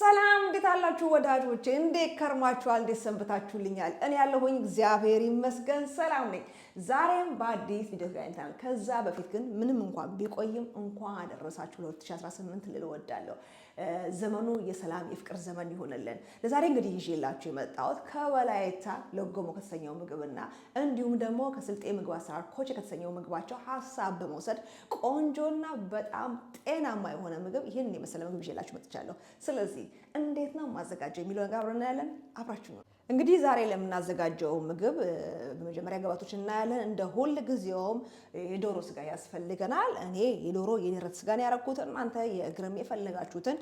ሰላም እንዴት አላችሁ ወዳጆቼ? እንዴት ከርማችኋል? እንዴት ሰንብታችሁልኛል? እኔ ያለሁኝ እግዚአብሔር ይመስገን ሰላም ነኝ። ዛሬም በአዲስ ቪዲዮ ተገናኝተናል። ከዛ በፊት ግን ምንም እንኳን ቢቆይም እንኳን አደረሳችሁ ለ2018 ልል እወዳለሁ። ዘመኑ የሰላም የፍቅር ዘመን ይሆንልን። ለዛሬ እንግዲህ ይዤላችሁ የመጣሁት ከወላይታ ለጎሞ ከተሰኘው ምግብና እንዲሁም ደግሞ ከስልጤ ምግብ አሰራር ኮቼ ከተሰኘው ምግባቸው ሀሳብ በመውሰድ ቆንጆና በጣም ጤናማ የሆነ ምግብ ይህን የመሰለ ምግብ ይዤላችሁ መጥቻለሁ። ስለዚህ እንዴት ነው ማዘጋጀው የሚለውን ጋር አብረን እናያለን። አብራችሁ ነው እንግዲህ ዛሬ ለምናዘጋጀው ምግብ በመጀመሪያ ግብአቶችን እናያለን። እንደ ሁል ጊዜውም የዶሮ ስጋ ያስፈልገናል። እኔ የዶሮ የደረት ስጋን ያረኩትን እናንተ የእግርም የፈለጋችሁትን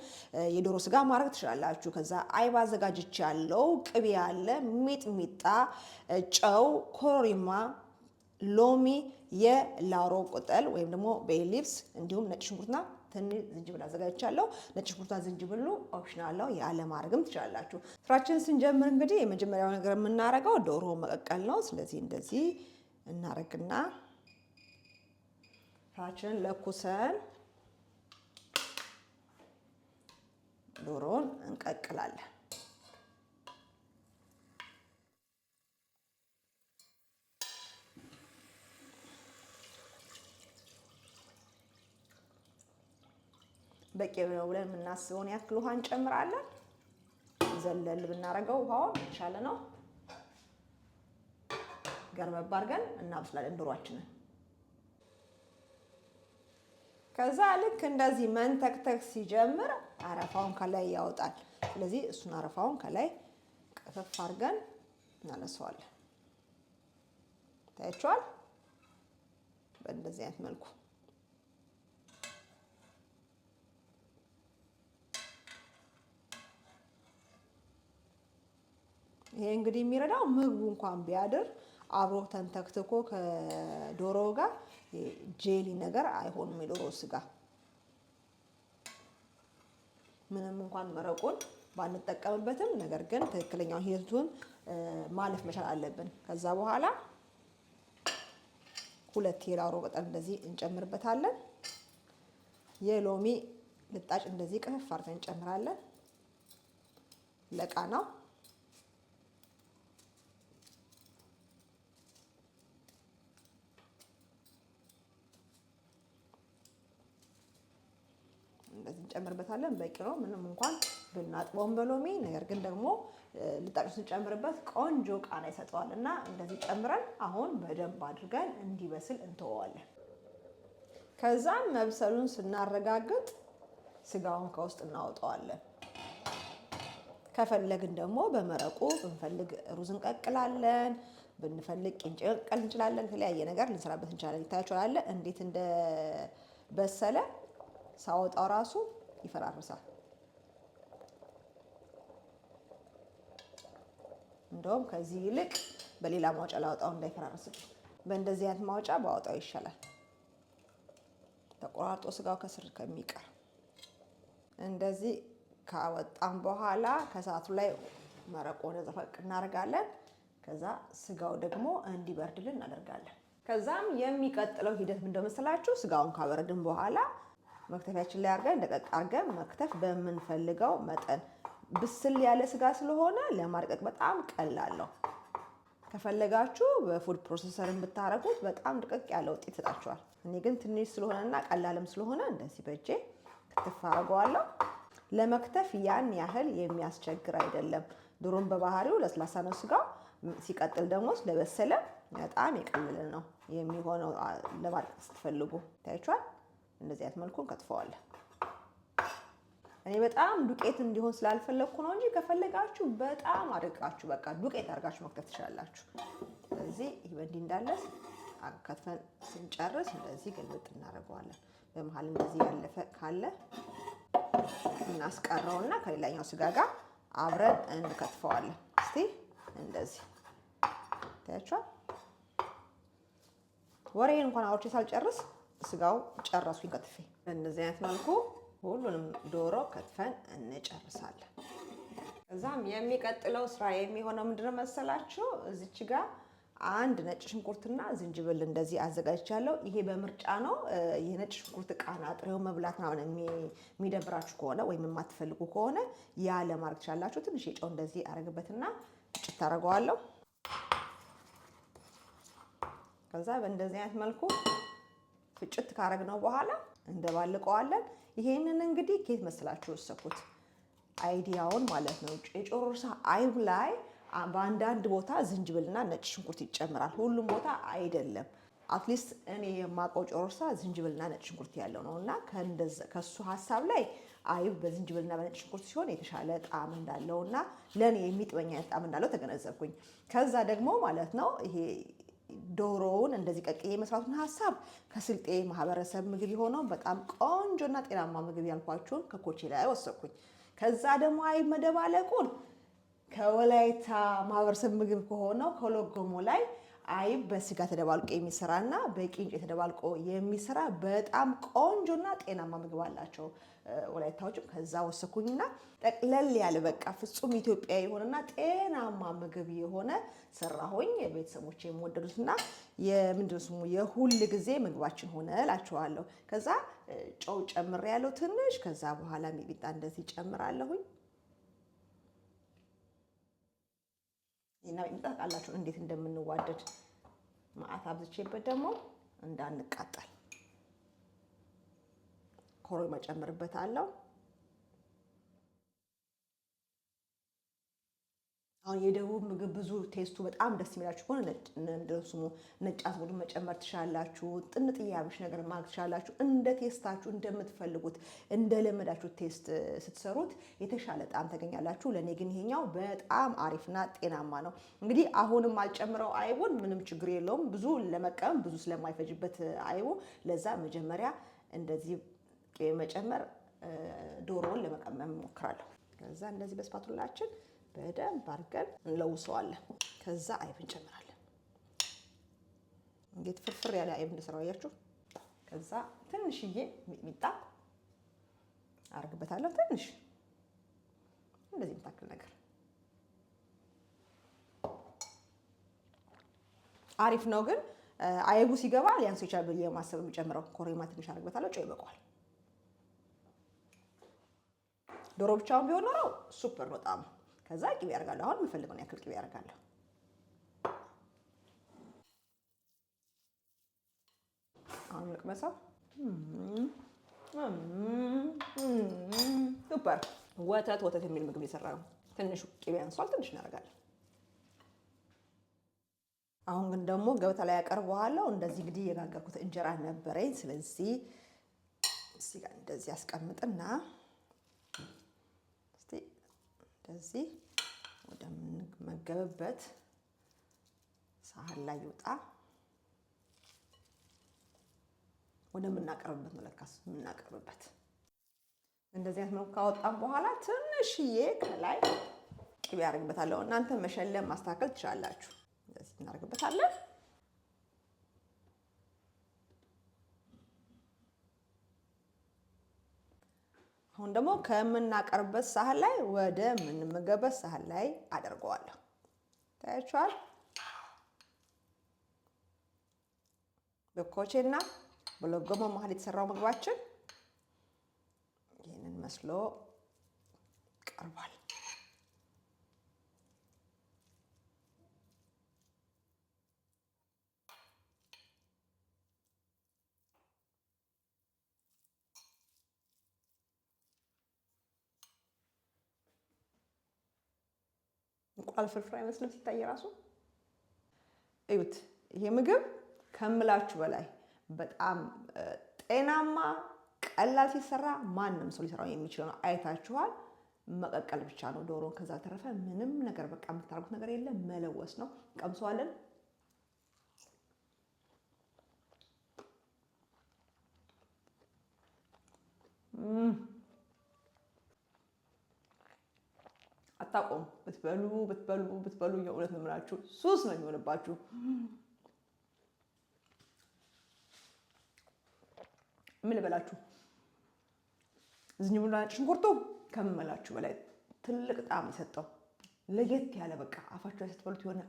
የዶሮ ስጋ ማድረግ ትችላላችሁ። ከዛ አይብ አዘጋጅቼ ያለው ቅቤ ያለ ሚጥሚጣ፣ ጨው፣ ኮሮሪማ፣ ሎሚ፣ የላሮ ቅጠል ወይም ደግሞ ቤሊብስ እንዲሁም ነጭ ሽንኩርትና ትንሽ ዝንጅብል አዘጋጅቻለሁ። ነጭ ሽንኩርቷ፣ ዝንጅብሉ ኦፕሽናል ነው፣ ያለማድረግም ትችላላችሁ። ስራችን ስንጀምር እንግዲህ የመጀመሪያው ነገር የምናረገው ዶሮ መቀቀል ነው። ስለዚህ እንደዚህ እናረግና ስራችንን ለኩሰን ዶሮን እንቀቅላለን። በቂ ነው ብለን የምናስበውን ያክል ውሃ እንጨምራለን። ዘለል ብናረገው ውሃውን የተሻለ ነው። ገርበብ አድርገን እናብስላለን ዶሯችንን። ከዛ ልክ እንደዚህ መንተክተክ ሲጀምር አረፋውን ከላይ ያወጣል። ስለዚህ እሱን አረፋውን ከላይ ቀፈፍ አድርገን እናነሳዋለን። ታያችኋል። በእንደዚህ አይነት መልኩ ይሄ እንግዲህ የሚረዳው ምግቡ እንኳን ቢያድር አብሮ ተንተክትኮ ከዶሮ ጋር ጄሊ ነገር አይሆንም። የዶሮ ስጋ ምንም እንኳን መረቁን ባንጠቀምበትም ነገር ግን ትክክለኛውን ሂደቱን ማለፍ መቻል አለብን። ከዛ በኋላ ሁለት የላውሮ ቅጠል እንደዚህ እንጨምርበታለን። የሎሚ ልጣጭ እንደዚህ ቅፍፍ አርገን እንጨምራለን። ለቃናው እንደዚህ እንጨምርበታለን። በቂ ነው። ምንም እንኳን ብናጥበውን በሎሚ ነገር ግን ደግሞ ልጣጩ ስንጨምርበት ቆንጆ ቃና ይሰጠዋል እና እንደዚህ ጨምረን አሁን በደንብ አድርገን እንዲበስል እንተወዋለን። ከዛም መብሰሉን ስናረጋግጥ ስጋውን ከውስጥ እናወጣዋለን። ከፈለግን ደግሞ በመረቁ ብንፈልግ ሩዝ እንቀቅላለን፣ ብንፈልግ ቅንጭ መቀቀል እንችላለን። የተለያየ ነገር ልንሰራበት እንችላለን። ይታያችኋል እንዴት እንደበሰለ ሳወጣው ራሱ ይፈራርሳል። እንደውም ከዚህ ይልቅ በሌላ ማውጫ ላወጣው እንዳይፈራርስም በእንደዚህ አይነት ማውጫ ባወጣው ይሻላል፣ ተቆራርጦ ስጋው ከስር ከሚቀር። እንደዚህ ካወጣም በኋላ ከሰዓቱ ላይ መረቆ ነዘፈቅ እናደርጋለን። ከዛ ስጋው ደግሞ እንዲበርድልን እናደርጋለን። ከዛም የሚቀጥለው ሂደት ምንደመስላችሁ ስጋውን ካበረድን በኋላ መክተፊያችን ላይ አርገን እንደቀቅ አርገን መክተፍ በምንፈልገው መጠን። ብስል ያለ ስጋ ስለሆነ ለማድቀቅ በጣም ቀላል ነው። ከፈለጋችሁ በፉድ ፕሮሰሰርን ብታረጉት በጣም ድቅቅ ያለ ውጤት ይሰጣችኋል። እኔ ግን ትንሽ ስለሆነና ቀላልም ስለሆነ እንደዚህ በእጄ ክትፍ አርገዋለሁ ለመክተፍ ያን ያህል የሚያስቸግር አይደለም። ዶሮም በባህሪው ለስላሳ ነው ስጋው። ሲቀጥል ደግሞ ስለበሰለ በጣም የቀለለ ነው የሚሆነው ለማድቀቅ ስትፈልጉ ታይቷል። እንደዚህ አይነት መልኩ እንከትፈዋለን። እኔ በጣም ዱቄት እንዲሆን ስላልፈለግኩ ነው እንጂ ከፈለጋችሁ በጣም አድርቃችሁ በቃ ዱቄት አድርጋችሁ መክተፍ ትችላላችሁ። ስለዚህ ይህ በእንዲህ እንዳለ ከትፈን ስንጨርስ እንደዚህ ገልብጥ እናደርገዋለን። በመሀል እንደዚህ ያለፈ ካለ እናስቀረውና ከሌላኛው ስጋ ጋር አብረን እንከትፈዋለን። እስቲ እንደዚህ ታያችኋል። ወሬን እንኳን አውርቼ ሳልጨርስ ስጋው ጨረሱኝ ከትፌ። በእንደዚህ አይነት መልኩ ሁሉንም ዶሮ ከትፈን እንጨርሳለን። እዛም የሚቀጥለው ስራ የሚሆነው ምንድነው መሰላችሁ? እዚች ጋር አንድ ነጭ ሽንኩርትና ዝንጅብል እንደዚህ አዘጋጅቻለሁ። ይሄ በምርጫ ነው። የነጭ ሽንኩርት ቃና ጥሬው መብላት ነው የሚደብራችሁ ከሆነ ወይም የማትፈልጉ ከሆነ ያ ለማድረግ ትችላላችሁ። ትንሽ የጨው እንደዚህ አረግበትና ጭት አረገዋለሁ። ከዛ በእንደዚህ አይነት መልኩ ፍጭት ካረግነው በኋላ እንደባልቀዋለን። ይሄንን እንግዲህ ኬት መስላችሁ ወሰኩት አይዲያውን ማለት ነው። የጮርሳ አይብ ላይ በአንዳንድ ቦታ ዝንጅብልና ነጭ ሽንኩርት ይጨምራል። ሁሉም ቦታ አይደለም። አትሊስት እኔ የማውቀው ጮርሳ ዝንጅብልና ነጭ ሽንኩርት ያለው ነው እና ከሱ ሀሳብ ላይ አይብ በዝንጅብልና በነጭ ሽንኩርት ሲሆን የተሻለ ጣዕም እንዳለው እና ለእኔ የሚጥመኝ አይነት ጣዕም እንዳለው ተገነዘብኩኝ። ከዛ ደግሞ ማለት ነው ይሄ ዶሮውን እንደዚህ ቀቅዬ መስራቱን ሀሳብ ከስልጤ ማህበረሰብ ምግብ የሆነው በጣም ቆንጆና ጤናማ ምግብ ያልኳችሁን ከኮቼ ላይ ወሰድኩኝ። ከዛ ደግሞ አይ መደባለቁን ከወላይታ ማህበረሰብ ምግብ ከሆነው ከሎጎሞ ላይ አይብ በስጋ ተደባልቆ የሚሰራና በቂንጭ ተደባልቆ የሚሰራ በጣም ቆንጆና ጤናማ ምግብ አላቸው። ወላይታዎችም ከዛ ወሰኩኝና ጠቅለል ያለ በቃ ፍጹም ኢትዮጵያ የሆነና ጤናማ ምግብ የሆነ ሰራሁኝ። ቤተሰቦች የሚወደዱትና የምንድን ስሙ የሁል ጊዜ ምግባችን ሆነ እላችኋለሁ። ከዛ ጨው ጨምር ያለው ትንሽ። ከዛ በኋላ ሚጥሚጣ እንደዚህ ጨምራለሁኝ። ይሄና እንዴት እንደምንዋደድ መዓት አብዝቼበት ደግሞ እንዳንቃጠል ኮሮ መጨምርበት አለው። አሁን የደቡብ ምግብ ብዙ ቴስቱ በጣም ደስ የሚላችሁ ከሆነ እንደሱሙ ነጭ አዝሙድ መጨመር ትሻላችሁ። ጥንጥዬ አብሽ ነገር ማድረግ ትሻላችሁ። እንደ ቴስታችሁ እንደምትፈልጉት እንደለመዳችሁ ቴስት ስትሰሩት የተሻለ ጣዕም ተገኛላችሁ። ለእኔ ግን ይሄኛው በጣም አሪፍና ጤናማ ነው። እንግዲህ አሁንም አልጨምረው አይቡን ምንም ችግር የለውም። ብዙ ለመቀመም ብዙ ስለማይፈጅበት አይቡ ለዛ መጀመሪያ እንደዚህ መጨመር ዶሮውን ለመቀመም እሞክራለሁ። ከዛ እንደዚህ በስፓቱላችን በደንብ አድርገን እንለውሰዋለን። ከዛ አይብ እንጨምራለን። እንዴት ፍርፍር ያለ አይብ እንደሰራው አያችሁ። ከዛ ትንሽዬ ሚጥሚጣ አርግበታለሁ። ትንሽ እንደዚህ የምታክል ነገር አሪፍ ነው ግን አይቡ ሲገባ ሊያንስ ይችላል ብዬ ማሰብ የሚጨምረው ኮረሪማ ትንሽ አርግበታለሁ። ጨው ይበቋል። ዶሮ ብቻውን ቢሆን ኖረው ሱፐር ነው ከዛ ቅቤ ያደርጋለሁ። አሁን የምፈልገውን ያክል ቅቤ ያደርጋለሁ። አሁን ልቅመሰው። ሱፐር ወተት ወተት የሚል ምግብ እየሰራ ነው። ትንሹ ቅቤ አንሷል፣ ትንሽ እናደርጋለን። አሁን ግን ደግሞ ገበታ ላይ ያቀርበዋለሁ። እንደዚህ እንግዲህ የጋገርኩት እንጀራ ነበረኝ። ስለዚህ እዚህ ጋር እንደዚህ ያስቀምጥና እንደዚህ ወደምንመገብበት ሳህን ላይ ይውጣ። ወደምናቀርብበት ነው ለካስ የምናቀርብበት። እንደዚህ አይነት መልኩ ካወጣን በኋላ ትንሽዬ ከላይ ቅቤ ያደርግበታለሁ። እናንተ መሸለም ማስተካከል ትችላላችሁ። እንደዚህ እናደርግበታለን። አሁን ደግሞ ከምናቀርብበት ሳህን ላይ ወደ ምንመገበት ሳህን ላይ አደርገዋለሁ። ታያችኋል። በኮቼና በሎጎሞ መሀል የተሰራው ምግባችን ይህንን መስሎ ቀርቧል። ፍርፍር አይመስልም ሲታይ ራሱ። እዩት። ይሄ ምግብ ከምላችሁ በላይ በጣም ጤናማ፣ ቀላል፣ ሲሰራ ማንም ሰው ሊሰራው የሚችለው ነው። አይታችኋል። መቀቀል ብቻ ነው ዶሮን። ከዛ ተረፈ ምንም ነገር በቃ የምታደርጉት ነገር የለም። መለወስ ነው። ቀምሰዋለን። አታቆሙ። ብትበሉ ብትበሉ ብትበሉ የእውነት ነው የምላችሁ ሱስ ነው የሚሆንባችሁ። ምን ልበላችሁ፣ ዝንጅብሉና ነጭ ሽንኩርቱ ከምመላችሁ በላይ ትልቅ ጣዕም የሰጠው ለየት ያለ በቃ አፋችሁ ላይ ስትበሉት የሆነ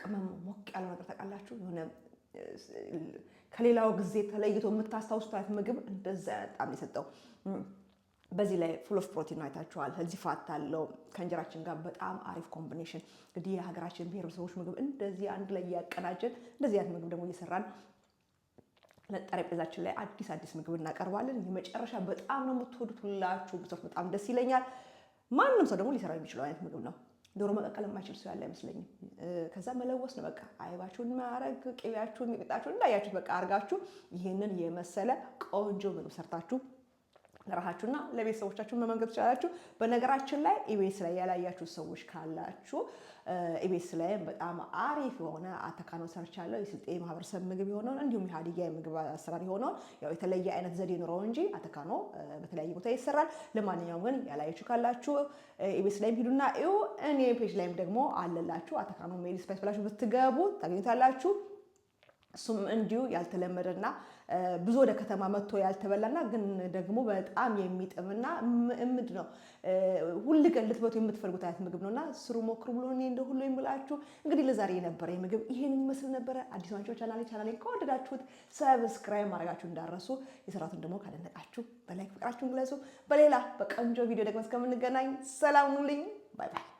ቅመም ሞቅ ያለው ነገር ታውቃላችሁ፣ የሆነ ከሌላው ጊዜ ተለይቶ የምታስታውሱት አይነት ምግብ እንደዛ ጣዕም የሰጠው በዚህ ላይ ፉል ኦፍ ፕሮቲን ነው አይታችኋል። ሄልዚ ፋት አለው ከእንጀራችን ጋር በጣም አሪፍ ኮምቢኔሽን። እንግዲህ የሀገራችን ብሔረሰቦች ምግብ እንደዚህ አንድ ላይ እያቀናጀን እንደዚህ አይነት ምግብ ደግሞ እየሰራን ጠረጴዛችን ላይ አዲስ አዲስ ምግብ እናቀርባለን። የመጨረሻ በጣም ነው የምትወዱት ሁላችሁ ብሶት በጣም ደስ ይለኛል። ማንም ሰው ደግሞ ሊሰራው የሚችለው አይነት ምግብ ነው። ዶሮ መቀቀል የማይችል ሰው ያለ አይመስለኝም። ከዛ መለወስ ነው በቃ አይባችሁን ማረግ ቅቤያችሁን፣ ሚጥጣችሁን እንዳያችሁት በቃ አርጋችሁ ይህንን የመሰለ ቆንጆ ምግብ ሰርታችሁ ለራሳችሁና ለቤተሰቦቻችሁ መመገብ ትችላላችሁ። በነገራችን ላይ ኢቤስ ላይ ያላያችሁ ሰዎች ካላችሁ ኢቤስ ላይም በጣም አሪፍ የሆነ አተካኖ ሰርቻለሁ። የስልጤ ማህበረሰብ ምግብ የሆነውን እንዲሁም የሀዲያ የምግብ አሰራር የሆነውን ያው የተለየ አይነት ዘዴ ኑረው እንጂ አተካኖ በተለያየ ቦታ ይሰራል። ለማንኛውም ግን ያላያችሁ ካላችሁ ኢቤስ ላይም ሂዱና እዩ። እኔ ፔጅ ላይም ደግሞ አለላችሁ። አተካኖ ሜል ስፓይስ ብላችሁ ብትገቡ ታገኙታላችሁ። እሱም እንዲሁ ያልተለመደና ብዙ ወደ ከተማ መጥቶ ያልተበላና ግን ደግሞ በጣም የሚጥምና ምድ ነው። ሁል ቀን ልትበቱ የምትፈልጉት አይነት ምግብ ነውና ስሩ ሞክሩ ብሎ እኔ እንደ ሁሉ የምላችሁ እንግዲህ ለዛሬ የነበረ ምግብ ይሄን የሚመስል ነበረ። አዲስ ናቸው ቻናሌ ቻናሌ ከወደዳችሁት ሰብስክራይብ ማድረጋችሁ እንዳረሱ፣ የሰራቱን ደግሞ ካደነቃችሁ በላይክ ፍቅራችሁን ግለጹ። በሌላ በቀንጆ ቪዲዮ ደግሞ እስከምንገናኝ ሰላም ሁኑልኝ። ባይ ባይ።